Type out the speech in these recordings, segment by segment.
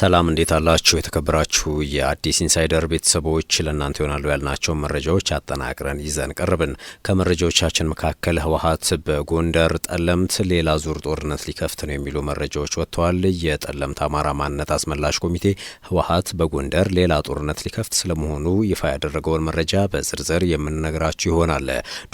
ሰላም እንዴት አላችሁ? የተከበራችሁ የአዲስ ኢንሳይደር ቤተሰቦች ለእናንተ ይሆናሉ ያልናቸውን መረጃዎች አጠናቅረን ይዘን ቀርብን። ከመረጃዎቻችን መካከል ህወሀት በጎንደር ጠለምት ሌላ ዙር ጦርነት ሊከፍት ነው የሚሉ መረጃዎች ወጥተዋል። የጠለምት አማራ ማንነት አስመላሽ ኮሚቴ ህወሀት በጎንደር ሌላ ጦርነት ሊከፍት ስለመሆኑ ይፋ ያደረገውን መረጃ በዝርዝር የምንነግራችሁ ይሆናል።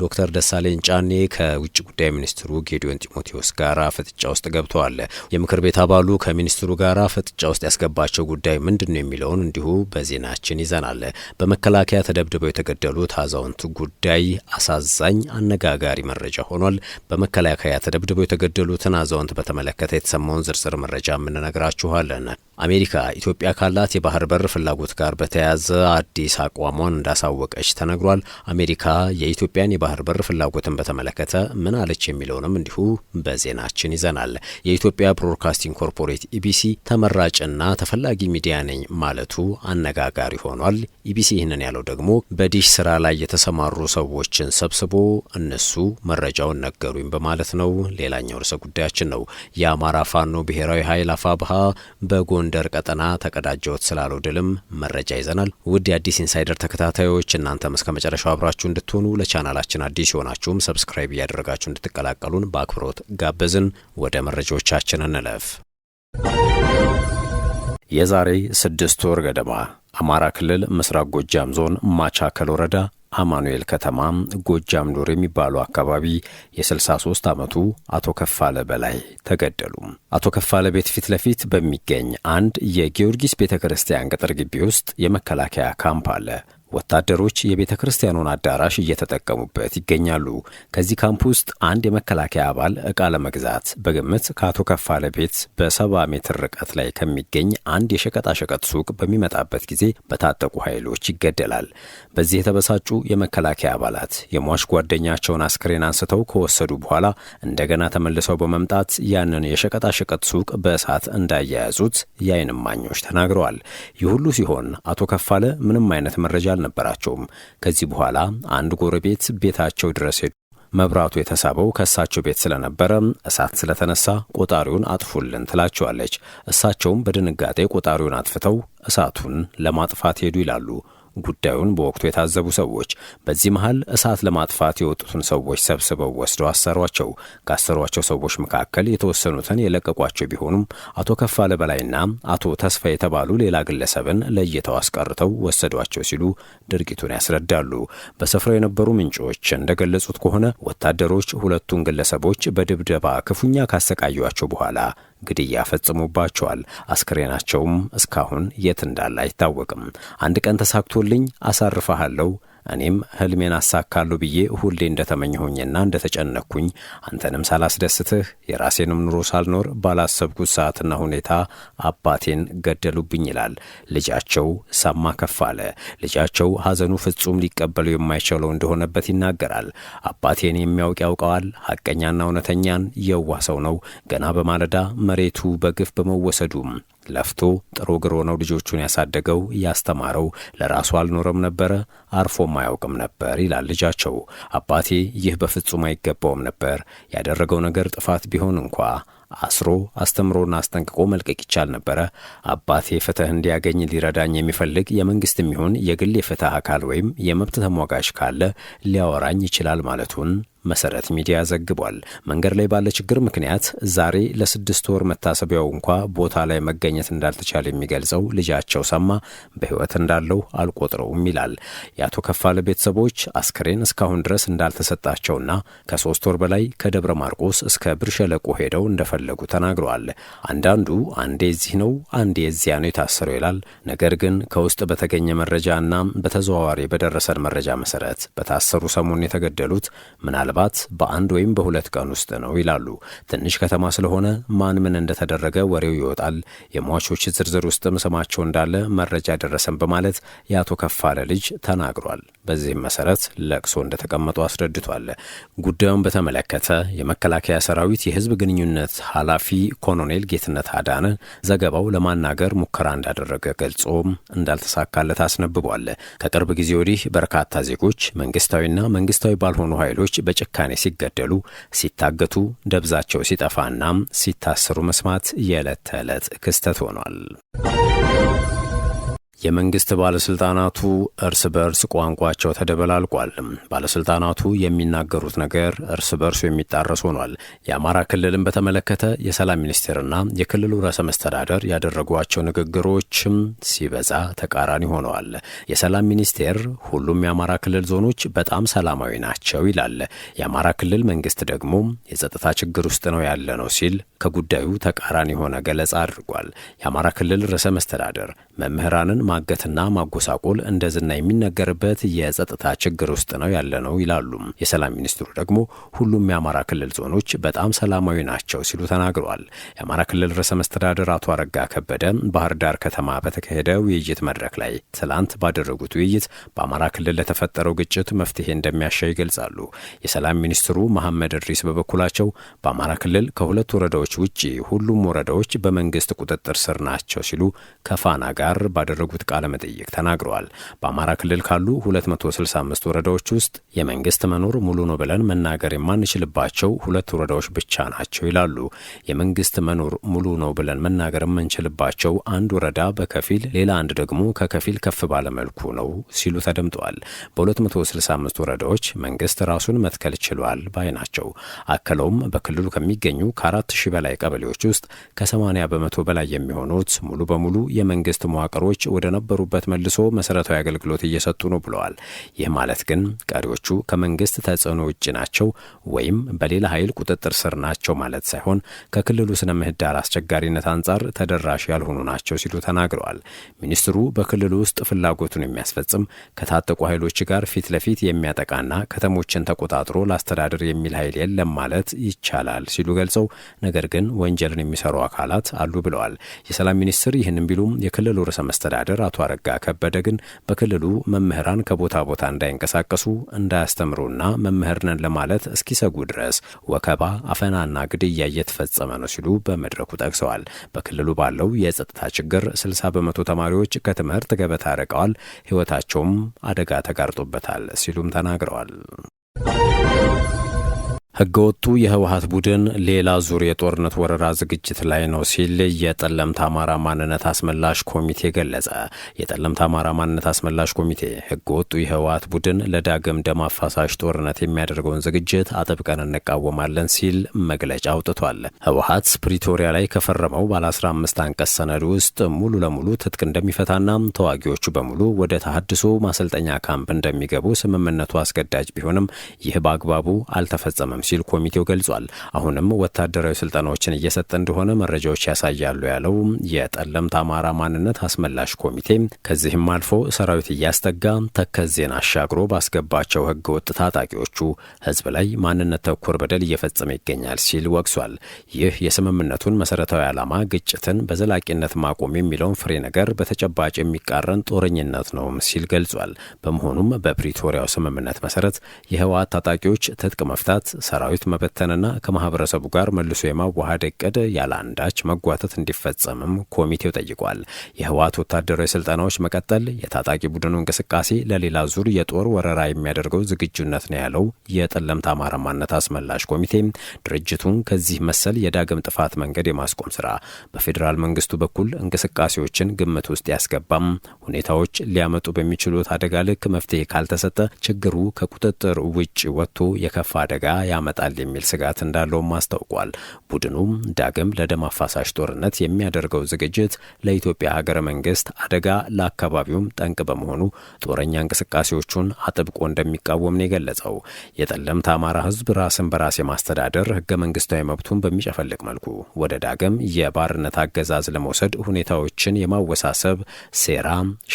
ዶክተር ደሳለኝ ጫኔ ከውጭ ጉዳይ ሚኒስትሩ ጌዲዮን ጢሞቴዎስ ጋራ ፍጥጫ ውስጥ ገብተዋል። የምክር ቤት አባሉ ከሚኒስትሩ ጋራ ፍጥጫ ውስጥ ያስገባቸው ጉዳይ ምንድን ነው የሚለውን እንዲሁ በዜናችን ይዘናል። በመከላከያ ተደብድበው የተገደሉት አዛውንት ጉዳይ አሳዛኝ፣ አነጋጋሪ መረጃ ሆኗል። በመከላከያ ተደብድበው የተገደሉትን አዛውንት በተመለከተ የተሰማውን ዝርዝር መረጃ የምንነግራችኋለን። አሜሪካ ኢትዮጵያ ካላት የባህር በር ፍላጎት ጋር በተያያዘ አዲስ አቋሟን እንዳሳወቀች ተነግሯል። አሜሪካ የኢትዮጵያን የባህር በር ፍላጎትን በተመለከተ ምን አለች የሚለውንም እንዲሁ በዜናችን ይዘናል። የኢትዮጵያ ብሮድካስቲንግ ኮርፖሬት ኢቢሲ ተመራጭና ተፈላጊ ሚዲያ ነኝ ማለቱ አነጋጋሪ ሆኗል። ኢቢሲ ይህንን ያለው ደግሞ በዲሽ ስራ ላይ የተሰማሩ ሰዎችን ሰብስቦ እነሱ መረጃውን ነገሩኝ በማለት ነው። ሌላኛው ርዕሰ ጉዳያችን ነው። የአማራ ፋኖ ብሔራዊ ኃይል አፋብሃ በጎ በጎንደር ቀጠና ተቀዳጀውት ስላለው ድልም መረጃ ይዘናል። ውድ የአዲስ ኢንሳይደር ተከታታዮች እናንተም እስከ መጨረሻው አብራችሁ እንድትሆኑ ለቻናላችን አዲስ የሆናችሁም ሰብስክራይብ እያደረጋችሁ እንድትቀላቀሉን በአክብሮት ጋበዝን። ወደ መረጃዎቻችን እንለፍ። የዛሬ ስድስት ወር ገደማ አማራ ክልል ምስራቅ ጎጃም ዞን ማቻከል ወረዳ አማኑኤል ከተማ ጎጃም ዶር የሚባሉ አካባቢ የ63 ዓመቱ አቶ ከፋለ በላይ ተገደሉ። አቶ ከፋለ ቤት ፊት ለፊት በሚገኝ አንድ የጊዮርጊስ ቤተ ክርስቲያን ቅጥር ግቢ ውስጥ የመከላከያ ካምፕ አለ። ወታደሮች የቤተ ክርስቲያኑን አዳራሽ እየተጠቀሙበት ይገኛሉ። ከዚህ ካምፕ ውስጥ አንድ የመከላከያ አባል ዕቃ ለመግዛት በግምት ከአቶ ከፋለ ቤት በሰባ ሜትር ርቀት ላይ ከሚገኝ አንድ የሸቀጣሸቀጥ ሱቅ በሚመጣበት ጊዜ በታጠቁ ኃይሎች ይገደላል። በዚህ የተበሳጩ የመከላከያ አባላት የሟች ጓደኛቸውን አስክሬን አንስተው ከወሰዱ በኋላ እንደገና ተመልሰው በመምጣት ያንን የሸቀጣሸቀጥ ሱቅ በእሳት እንዳያያዙት የዓይን እማኞች ተናግረዋል። ይህ ሁሉ ሲሆን አቶ ከፋለ ምንም አይነት መረጃ አልነበራቸውም። ከዚህ በኋላ አንድ ጎረቤት ቤታቸው ድረስ ሄዱ። መብራቱ የተሳበው ከእሳቸው ቤት ስለነበረ እሳት ስለተነሳ ቆጣሪውን አጥፉልን ትላቸዋለች። እሳቸውም በድንጋጤ ቆጣሪውን አጥፍተው እሳቱን ለማጥፋት ሄዱ ይላሉ። ጉዳዩን በወቅቱ የታዘቡ ሰዎች በዚህ መሀል እሳት ለማጥፋት የወጡትን ሰዎች ሰብስበው ወስደው አሰሯቸው። ካሰሯቸው ሰዎች መካከል የተወሰኑትን የለቀቋቸው ቢሆኑም አቶ ከፋለ በላይና አቶ ተስፋ የተባሉ ሌላ ግለሰብን ለይተው አስቀርተው ወሰዷቸው ሲሉ ድርጊቱን ያስረዳሉ። በስፍራው የነበሩ ምንጮች እንደገለጹት ከሆነ ወታደሮች ሁለቱን ግለሰቦች በድብደባ ክፉኛ ካሰቃዩቸው በኋላ ግድያ ፈጽሞባቸዋል። አስክሬናቸውም እስካሁን የት እንዳለ አይታወቅም። አንድ ቀን ተሳክቶልኝ አሳርፈሃለሁ እኔም ህልሜን አሳካለሁ ብዬ ሁሌ እንደተመኘሁኝና እንደተጨነኩኝ አንተንም ሳላስደስትህ የራሴንም ኑሮ ሳልኖር ባላሰብኩት ሰዓትና ሁኔታ አባቴን ገደሉብኝ ይላል ልጃቸው ሰማ ከፍ አለ። ልጃቸው ሐዘኑ ፍጹም ሊቀበለው የማይችለው እንደሆነበት ይናገራል። አባቴን የሚያውቅ ያውቀዋል። ሐቀኛና እውነተኛን የዋሰው ሰው ነው። ገና በማለዳ መሬቱ በግፍ በመወሰዱም ለፍቶ ጥሩ ግሮ ነው ልጆቹን ያሳደገው ያስተማረው። ለራሱ አልኖረም ነበረ፣ አርፎም አያውቅም ነበር ይላል ልጃቸው። አባቴ ይህ በፍጹም አይገባውም ነበር። ያደረገው ነገር ጥፋት ቢሆን እንኳ አስሮ አስተምሮና አስጠንቅቆ መልቀቅ ይቻል ነበረ። አባቴ ፍትህ እንዲያገኝ ሊረዳኝ የሚፈልግ የመንግስትም ይሁን የግል የፍትህ አካል ወይም የመብት ተሟጋች ካለ ሊያወራኝ ይችላል ማለቱን መሰረት ሚዲያ ዘግቧል። መንገድ ላይ ባለ ችግር ምክንያት ዛሬ ለስድስት ወር መታሰቢያው እንኳ ቦታ ላይ መገኘት እንዳልተቻለ የሚገልጸው ልጃቸው ሰማ በሕይወት እንዳለው አልቆጥረውም ይላል። የአቶ ከፋለ ቤተሰቦች አስክሬን እስካሁን ድረስ እንዳልተሰጣቸውና ከሶስት ወር በላይ ከደብረ ማርቆስ እስከ ብር ሸለቆ ሄደው እንደፈለጉ ተናግረዋል። አንዳንዱ አንዴ እዚህ ነው አንዴ እዚያ ነው የታሰረው ይላል። ነገር ግን ከውስጥ በተገኘ መረጃ እናም በተዘዋዋሪ በደረሰን መረጃ መሰረት በታሰሩ ሰሞን የተገደሉት ምናልባት ምናልባት በአንድ ወይም በሁለት ቀን ውስጥ ነው ይላሉ። ትንሽ ከተማ ስለሆነ ማን ምን እንደተደረገ ወሬው ይወጣል። የሟቾች ዝርዝር ውስጥም ስማቸው እንዳለ መረጃ ደረሰን በማለት የአቶ ከፋለ ልጅ ተናግሯል። በዚህም መሰረት ለቅሶ እንደተቀመጡ አስረድቷል። ጉዳዩን በተመለከተ የመከላከያ ሰራዊት የህዝብ ግንኙነት ኃላፊ ኮሎኔል ጌትነት አዳነ ዘገባው ለማናገር ሙከራ እንዳደረገ ገልጾም እንዳልተሳካለት አስነብቧል። ከቅርብ ጊዜ ወዲህ በርካታ ዜጎች መንግስታዊና መንግስታዊ ባልሆኑ ኃይሎች በጭ ጭካኔ ሲገደሉ፣ ሲታገቱ፣ ደብዛቸው ሲጠፋና ሲታሰሩ መስማት የዕለት ተዕለት ክስተት ሆኗል። የመንግስት ባለስልጣናቱ እርስ በርስ ቋንቋቸው ተደበላልቋል። ባለስልጣናቱ የሚናገሩት ነገር እርስ በርሱ የሚጣረስ ሆኗል። የአማራ ክልልን በተመለከተ የሰላም ሚኒስቴርና የክልሉ ርዕሰ መስተዳደር ያደረጓቸው ንግግሮችም ሲበዛ ተቃራኒ ሆነዋል። የሰላም ሚኒስቴር ሁሉም የአማራ ክልል ዞኖች በጣም ሰላማዊ ናቸው ይላል። የአማራ ክልል መንግስት ደግሞ የጸጥታ ችግር ውስጥ ነው ያለ ነው ሲል ከጉዳዩ ተቃራኒ የሆነ ገለጻ አድርጓል። የአማራ ክልል ርዕሰ መስተዳደር መምህራንን ማገትና ማጎሳቆል እንደ ዝና የሚነገርበት የጸጥታ ችግር ውስጥ ነው ያለ ነው ይላሉ። የሰላም ሚኒስትሩ ደግሞ ሁሉም የአማራ ክልል ዞኖች በጣም ሰላማዊ ናቸው ሲሉ ተናግረዋል። የአማራ ክልል ርዕሰ መስተዳድር አቶ አረጋ ከበደ ባህር ዳር ከተማ በተካሄደ ውይይት መድረክ ላይ ትላንት ባደረጉት ውይይት በአማራ ክልል ለተፈጠረው ግጭት መፍትሄ እንደሚያሻ ይገልጻሉ። የሰላም ሚኒስትሩ መሐመድ እድሪስ በበኩላቸው በአማራ ክልል ከሁለት ወረዳዎች ውጭ ሁሉም ወረዳዎች በመንግስት ቁጥጥር ስር ናቸው ሲሉ ከፋና ጋር ጋር ባደረጉት ቃለ መጠይቅ ተናግረዋል። በአማራ ክልል ካሉ 265 ወረዳዎች ውስጥ የመንግስት መኖር ሙሉ ነው ብለን መናገር የማንችልባቸው ሁለት ወረዳዎች ብቻ ናቸው ይላሉ። የመንግስት መኖር ሙሉ ነው ብለን መናገር የምንችልባቸው አንድ ወረዳ በከፊል ሌላ አንድ ደግሞ ከከፊል ከፍ ባለ መልኩ ነው ሲሉ ተደምጠዋል። በ265 ወረዳዎች መንግስት ራሱን መትከል ችሏል ባይ ናቸው። አክለውም በክልሉ ከሚገኙ ከአራት ሺህ በላይ ቀበሌዎች ውስጥ ከ80 በመቶ በላይ የሚሆኑት ሙሉ በሙሉ የመንግስት መዋቅሮች ወደ ነበሩበት መልሶ መሰረታዊ አገልግሎት እየሰጡ ነው ብለዋል። ይህ ማለት ግን ቀሪዎቹ ከመንግስት ተጽዕኖ ውጭ ናቸው ወይም በሌላ ኃይል ቁጥጥር ስር ናቸው ማለት ሳይሆን ከክልሉ ስነ ምህዳር አስቸጋሪነት አንጻር ተደራሽ ያልሆኑ ናቸው ሲሉ ተናግረዋል። ሚኒስትሩ በክልሉ ውስጥ ፍላጎቱን የሚያስፈጽም ከታጠቁ ኃይሎች ጋር ፊት ለፊት የሚያጠቃና ከተሞችን ተቆጣጥሮ ላስተዳድር የሚል ኃይል የለም ማለት ይቻላል ሲሉ ገልጸው ነገር ግን ወንጀልን የሚሰሩ አካላት አሉ ብለዋል። የሰላም ሚኒስትር ይህንን ቢሉም የክልሉ ርዕሰ መስተዳደር አቶ አረጋ ከበደ ግን በክልሉ መምህራን ከቦታ ቦታ እንዳይንቀሳቀሱ እንዳያስተምሩና መምህር ለማለት እስኪሰጉ ድረስ ወከባ፣ አፈናና ግድያ እየተፈጸመ ነው ሲሉ በመድረኩ ጠቅሰዋል። በክልሉ ባለው የጸጥታ ችግር 60 በመቶ ተማሪዎች ከትምህርት ገበታ ርቀዋል፣ ሕይወታቸውም አደጋ ተጋርጦበታል ሲሉም ተናግረዋል። ህገወጡ የህወሀት ቡድን ሌላ ዙር የጦርነት ወረራ ዝግጅት ላይ ነው ሲል የጠለምት አማራ ማንነት አስመላሽ ኮሚቴ ገለጸ። የጠለምት አማራ ማንነት አስመላሽ ኮሚቴ ህገወጡ የህወሀት ቡድን ለዳግም ደም አፋሳሽ ጦርነት የሚያደርገውን ዝግጅት አጥብቀን እንቃወማለን ሲል መግለጫ አውጥቷል። ህወሀት ፕሪቶሪያ ላይ ከፈረመው ባለ 15 አንቀጽ ሰነድ ውስጥ ሙሉ ለሙሉ ትጥቅ እንደሚፈታና ተዋጊዎቹ በሙሉ ወደ ተሀድሶ ማሰልጠኛ ካምፕ እንደሚገቡ ስምምነቱ አስገዳጅ ቢሆንም ይህ በአግባቡ አልተፈጸመም ሲል ኮሚቴው ገልጿል። አሁንም ወታደራዊ ስልጠናዎችን እየሰጠ እንደሆነ መረጃዎች ያሳያሉ ያለው የጠለምት አማራ ማንነት አስመላሽ ኮሚቴ ከዚህም አልፎ ሰራዊት እያስጠጋ ተከዜን አሻግሮ ባስገባቸው ህገ ወጥ ታጣቂዎቹ ህዝብ ላይ ማንነት ተኮር በደል እየፈጸመ ይገኛል ሲል ወቅሷል። ይህ የስምምነቱን መሰረታዊ ዓላማ ግጭትን በዘላቂነት ማቆም የሚለውን ፍሬ ነገር በተጨባጭ የሚቃረን ጦረኝነት ነውም ሲል ገልጿል። በመሆኑም በፕሪቶሪያው ስምምነት መሰረት የህወሓት ታጣቂዎች ትጥቅ መፍታት ሰራዊት መበተንና ከማህበረሰቡ ጋር መልሶ የማዋሃድ እቅድ ያለ አንዳች መጓተት እንዲፈጸምም ኮሚቴው ጠይቋል። የህወሓት ወታደራዊ ስልጠናዎች መቀጠል፣ የታጣቂ ቡድኑ እንቅስቃሴ ለሌላ ዙር የጦር ወረራ የሚያደርገው ዝግጁነት ነው ያለው የጠለምት አማራ ማንነት አስመላሽ ኮሚቴ ድርጅቱን ከዚህ መሰል የዳግም ጥፋት መንገድ የማስቆም ስራ በፌዴራል መንግስቱ በኩል እንቅስቃሴዎችን ግምት ውስጥ ያስገባም፣ ሁኔታዎች ሊያመጡ በሚችሉት አደጋ ልክ መፍትሄ ካልተሰጠ ችግሩ ከቁጥጥር ውጭ ወጥቶ የከፋ አደጋ ያመጣል የሚል ስጋት እንዳለውም አስታውቋል። ቡድኑም ዳግም ለደም አፋሳሽ ጦርነት የሚያደርገው ዝግጅት ለኢትዮጵያ ሀገረ መንግስት አደጋ፣ ለአካባቢውም ጠንቅ በመሆኑ ጦረኛ እንቅስቃሴዎቹን አጥብቆ እንደሚቃወም ነው የገለጸው። የጠለምት አማራ ህዝብ ራስን በራስ የማስተዳደር ህገ መንግስታዊ መብቱን በሚጨፈልቅ መልኩ ወደ ዳግም የባርነት አገዛዝ ለመውሰድ ሁኔታዎችን የማወሳሰብ ሴራ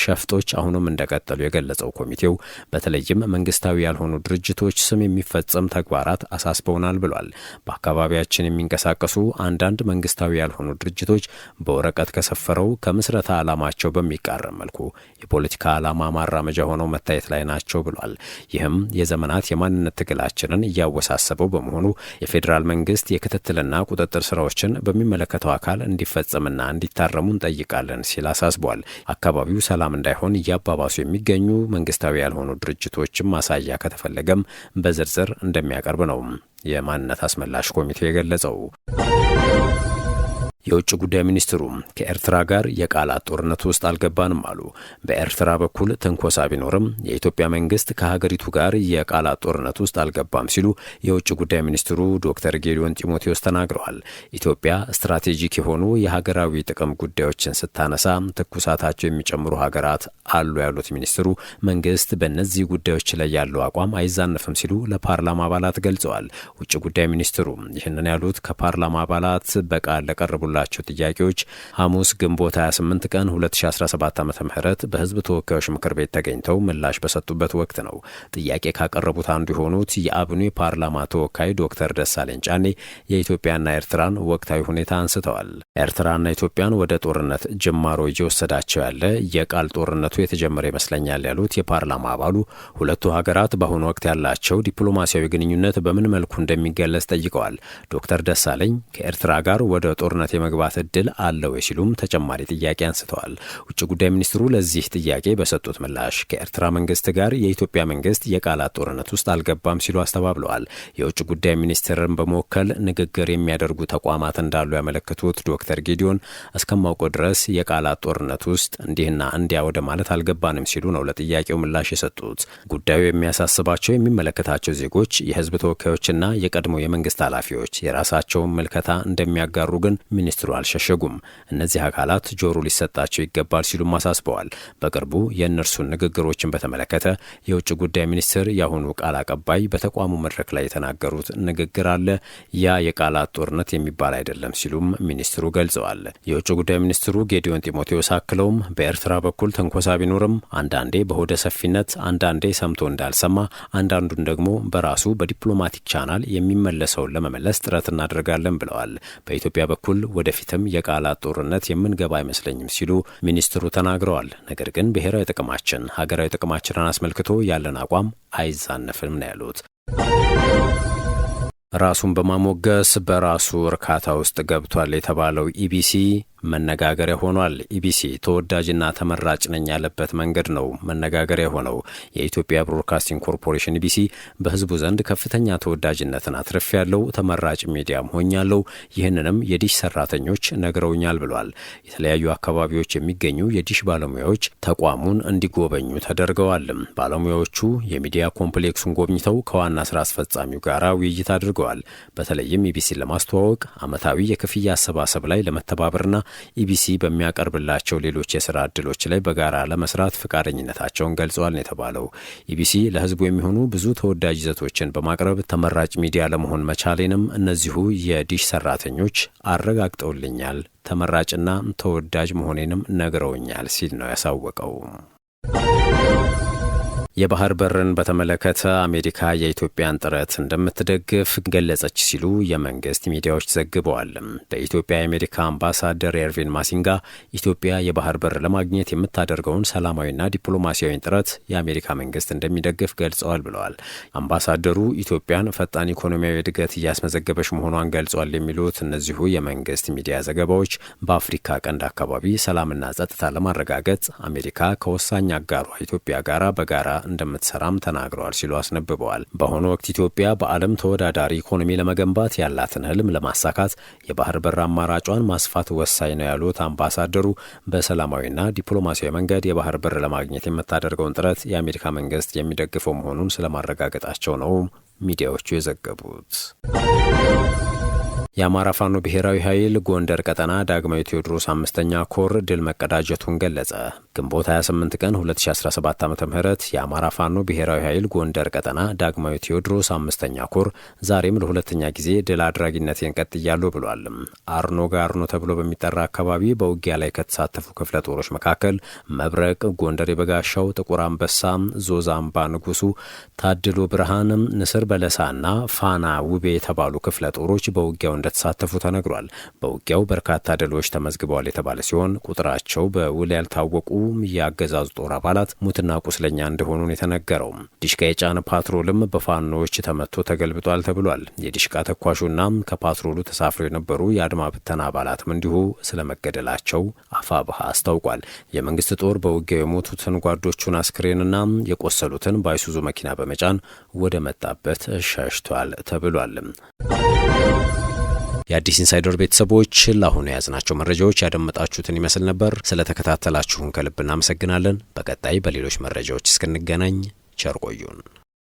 ሸፍጦች አሁንም እንደቀጠሉ የገለጸው ኮሚቴው በተለይም መንግስታዊ ያልሆኑ ድርጅቶች ስም የሚፈጸም ተግባራት አሳስበውናል ብሏል። በአካባቢያችን የሚንቀሳቀሱ አንዳንድ መንግስታዊ ያልሆኑ ድርጅቶች በወረቀት ከሰፈረው ከምስረታ ዓላማቸው በሚቃረም መልኩ የፖለቲካ ዓላማ ማራመጃ ሆነው መታየት ላይ ናቸው ብሏል። ይህም የዘመናት የማንነት ትግላችንን እያወሳሰበው በመሆኑ የፌዴራል መንግስት የክትትልና ቁጥጥር ስራዎችን በሚመለከተው አካል እንዲፈጸምና እንዲታረሙ እንጠይቃለን ሲል አሳስቧል። አካባቢው ሰላም እንዳይሆን እያባባሱ የሚገኙ መንግስታዊ ያልሆኑ ድርጅቶችም ማሳያ ከተፈለገም በዝርዝር እንደሚያቀርብ ነው። የማንነት አስመላሽ ኮሚቴው የገለጸው። የውጭ ጉዳይ ሚኒስትሩ ከኤርትራ ጋር የቃላት ጦርነት ውስጥ አልገባንም አሉ። በኤርትራ በኩል ትንኮሳ ቢኖርም የኢትዮጵያ መንግስት ከሀገሪቱ ጋር የቃላት ጦርነት ውስጥ አልገባም ሲሉ የውጭ ጉዳይ ሚኒስትሩ ዶክተር ጌዲዮን ጢሞቴዎስ ተናግረዋል። ኢትዮጵያ ስትራቴጂክ የሆኑ የሀገራዊ ጥቅም ጉዳዮችን ስታነሳ ትኩሳታቸው የሚጨምሩ ሀገራት አሉ ያሉት ሚኒስትሩ መንግስት በእነዚህ ጉዳዮች ላይ ያለው አቋም አይዛነፍም ሲሉ ለፓርላማ አባላት ገልጸዋል። ውጭ ጉዳይ ሚኒስትሩ ይህንን ያሉት ከፓርላማ አባላት በቃል ለቀረቡላ ላቸው ጥያቄዎች ሐሙስ ግንቦት 28 ቀን 2017 ዓ ም በህዝብ ተወካዮች ምክር ቤት ተገኝተው ምላሽ በሰጡበት ወቅት ነው። ጥያቄ ካቀረቡት አንዱ የሆኑት የአብኑ ፓርላማ ተወካይ ዶክተር ደሳለኝ ጫኔ የኢትዮጵያና ኤርትራን ወቅታዊ ሁኔታ አንስተዋል። ኤርትራና ኢትዮጵያን ወደ ጦርነት ጅማሮ እየወሰዳቸው ያለ የቃል ጦርነቱ የተጀመረ ይመስለኛል ያሉት የፓርላማ አባሉ ሁለቱ ሀገራት በአሁኑ ወቅት ያላቸው ዲፕሎማሲያዊ ግንኙነት በምን መልኩ እንደሚገለጽ ጠይቀዋል። ዶክተር ደሳለኝ ከኤርትራ ጋር ወደ ጦርነት የመግባት እድል አለው ሲሉም ተጨማሪ ጥያቄ አንስተዋል። ውጭ ጉዳይ ሚኒስትሩ ለዚህ ጥያቄ በሰጡት ምላሽ ከኤርትራ መንግስት ጋር የኢትዮጵያ መንግስት የቃላት ጦርነት ውስጥ አልገባም ሲሉ አስተባብለዋል። የውጭ ጉዳይ ሚኒስትርን በመወከል ንግግር የሚያደርጉ ተቋማት እንዳሉ ያመለክቱት ዶክተር ጌዲዮን እስከማውቀው ድረስ የቃላት ጦርነት ውስጥ እንዲህና እንዲያ ወደ ማለት አልገባንም ሲሉ ነው ለጥያቄው ምላሽ የሰጡት። ጉዳዩ የሚያሳስባቸው የሚመለከታቸው ዜጎች፣ የህዝብ ተወካዮችና የቀድሞ የመንግስት ኃላፊዎች የራሳቸውን ምልከታ እንደሚያጋሩ ግን ሚኒስትሩ አልሸሸጉም። እነዚህ አካላት ጆሮ ሊሰጣቸው ይገባል ሲሉም አሳስበዋል። በቅርቡ የእነርሱን ንግግሮችን በተመለከተ የውጭ ጉዳይ ሚኒስትር የአሁኑ ቃል አቀባይ በተቋሙ መድረክ ላይ የተናገሩት ንግግር አለ። ያ የቃላት ጦርነት የሚባል አይደለም ሲሉም ሚኒስትሩ ገልጸዋል። የውጭ ጉዳይ ሚኒስትሩ ጌዲዮን ጢሞቴዎስ አክለውም በኤርትራ በኩል ትንኮሳ ቢኖርም አንዳንዴ በሆደ ሰፊነት፣ አንዳንዴ ሰምቶ እንዳልሰማ፣ አንዳንዱን ደግሞ በራሱ በዲፕሎማቲክ ቻናል የሚመለሰውን ለመመለስ ጥረት እናደርጋለን ብለዋል። በኢትዮጵያ በኩል ወደፊትም የቃላት ጦርነት የምንገባ አይመስለኝም ሲሉ ሚኒስትሩ ተናግረዋል። ነገር ግን ብሔራዊ ጥቅማችን፣ ሀገራዊ ጥቅማችንን አስመልክቶ ያለን አቋም አይዛነፍም ነው ያሉት። ራሱን በማሞገስ በራሱ እርካታ ውስጥ ገብቷል የተባለው ኢቢሲ መነጋገሪያ ሆኗል። ኢቢሲ ተወዳጅና ተመራጭ ነኝ ያለበት መንገድ ነው መነጋገሪያ የሆነው። የኢትዮጵያ ብሮድካስቲንግ ኮርፖሬሽን ኢቢሲ በህዝቡ ዘንድ ከፍተኛ ተወዳጅነትን አትርፍ ያለው ተመራጭ ሚዲያም ሆኛለው፣ ይህንንም የዲሽ ሰራተኞች ነግረውኛል ብሏል። የተለያዩ አካባቢዎች የሚገኙ የዲሽ ባለሙያዎች ተቋሙን እንዲጎበኙ ተደርገዋል ባለሙያዎቹ የሚዲያ ኮምፕሌክሱን ጎብኝተው ከዋና ስራ አስፈጻሚው ጋር ውይይት አድርገዋል። በተለይም ኢቢሲን ለማስተዋወቅ አመታዊ የክፍያ አሰባሰብ ላይ ለመተባበርና ኢቢሲ በሚያቀርብላቸው ሌሎች የስራ እድሎች ላይ በጋራ ለመስራት ፈቃደኝነታቸውን ገልጸዋል ነው የተባለው። ኢቢሲ ለህዝቡ የሚሆኑ ብዙ ተወዳጅ ይዘቶችን በማቅረብ ተመራጭ ሚዲያ ለመሆን መቻሌንም እነዚሁ የዲሽ ሰራተኞች አረጋግጠውልኛል፣ ተመራጭና ተወዳጅ መሆኔንም ነግረውኛል ሲል ነው ያሳወቀው። የባህር በርን በተመለከተ አሜሪካ የኢትዮጵያን ጥረት እንደምትደግፍ ገለጸች ሲሉ የመንግስት ሚዲያዎች ዘግበዋል። በኢትዮጵያ የአሜሪካ አምባሳደር ኤርቪን ማሲንጋ ኢትዮጵያ የባህር በር ለማግኘት የምታደርገውን ሰላማዊና ዲፕሎማሲያዊ ጥረት የአሜሪካ መንግስት እንደሚደግፍ ገልጸዋል ብለዋል። አምባሳደሩ ኢትዮጵያን ፈጣን ኢኮኖሚያዊ እድገት እያስመዘገበች መሆኗን ገልጿል የሚሉት እነዚሁ የመንግስት ሚዲያ ዘገባዎች በአፍሪካ ቀንድ አካባቢ ሰላምና ጸጥታ ለማረጋገጥ አሜሪካ ከወሳኝ አጋሯ ኢትዮጵያ ጋር በጋራ እንደምትሰራም ተናግረዋል ሲሉ አስነብበዋል። በአሁኑ ወቅት ኢትዮጵያ በዓለም ተወዳዳሪ ኢኮኖሚ ለመገንባት ያላትን ህልም ለማሳካት የባህር በር አማራጯን ማስፋት ወሳኝ ነው ያሉት አምባሳደሩ በሰላማዊና ዲፕሎማሲያዊ መንገድ የባህር በር ለማግኘት የምታደርገውን ጥረት የአሜሪካ መንግስት የሚደግፈው መሆኑን ስለማረጋገጣቸው ነው ሚዲያዎቹ የዘገቡት። የአማራ ፋኖ ብሔራዊ ኃይል ጎንደር ቀጠና ዳግማዊ ቴዎድሮስ አምስተኛ ኮር ድል መቀዳጀቱን ገለጸ። ግንቦት 28 ቀን 2017 ዓ ም የአማራ ፋኖ ብሔራዊ ኃይል ጎንደር ቀጠና ዳግማዊ ቴዎድሮስ አምስተኛ ኮር ዛሬም ለሁለተኛ ጊዜ ድል አድራጊነቴን ቀጥያለሁ ብሏል። አርኖ ጋርኖ ተብሎ በሚጠራ አካባቢ በውጊያ ላይ ከተሳተፉ ክፍለ ጦሮች መካከል መብረቅ፣ ጎንደር የበጋሻው፣ ጥቁር አንበሳ፣ ዞዛምባ ንጉሱ፣ ታድሎ ብርሃንም፣ ንስር በለሳና ፋና ውቤ የተባሉ ክፍለ ጦሮች በውጊያው እንደተሳተፉ ተነግሯል። በውጊያው በርካታ ድሎች ተመዝግበዋል የተባለ ሲሆን ቁጥራቸው በውል ያልታወቁም የአገዛዙ ጦር አባላት ሙትና ቁስለኛ እንደሆኑ የተነገረው። ዲሽቃ የጫነ ፓትሮልም በፋኖዎች ተመቶ ተገልብጧል ተብሏል። የዲሽቃ ተኳሹና ከፓትሮሉ ተሳፍረው የነበሩ የአድማ ብተና አባላትም እንዲሁ ስለመገደላቸው አፋብሃ አስታውቋል። የመንግስት ጦር በውጊያው የሞቱትን ጓዶቹን አስክሬንና የቆሰሉትን በአይሱዙ መኪና በመጫን ወደ መጣበት ሸሽቷል ተብሏል። የአዲስ ኢንሳይደር ቤተሰቦች ለአሁኑ የያዝናቸው መረጃዎች ያደመጣችሁትን ይመስል ነበር። ስለተከታተላችሁን ከልብ እናመሰግናለን። በቀጣይ በሌሎች መረጃዎች እስክንገናኝ ቸር ቆዩን።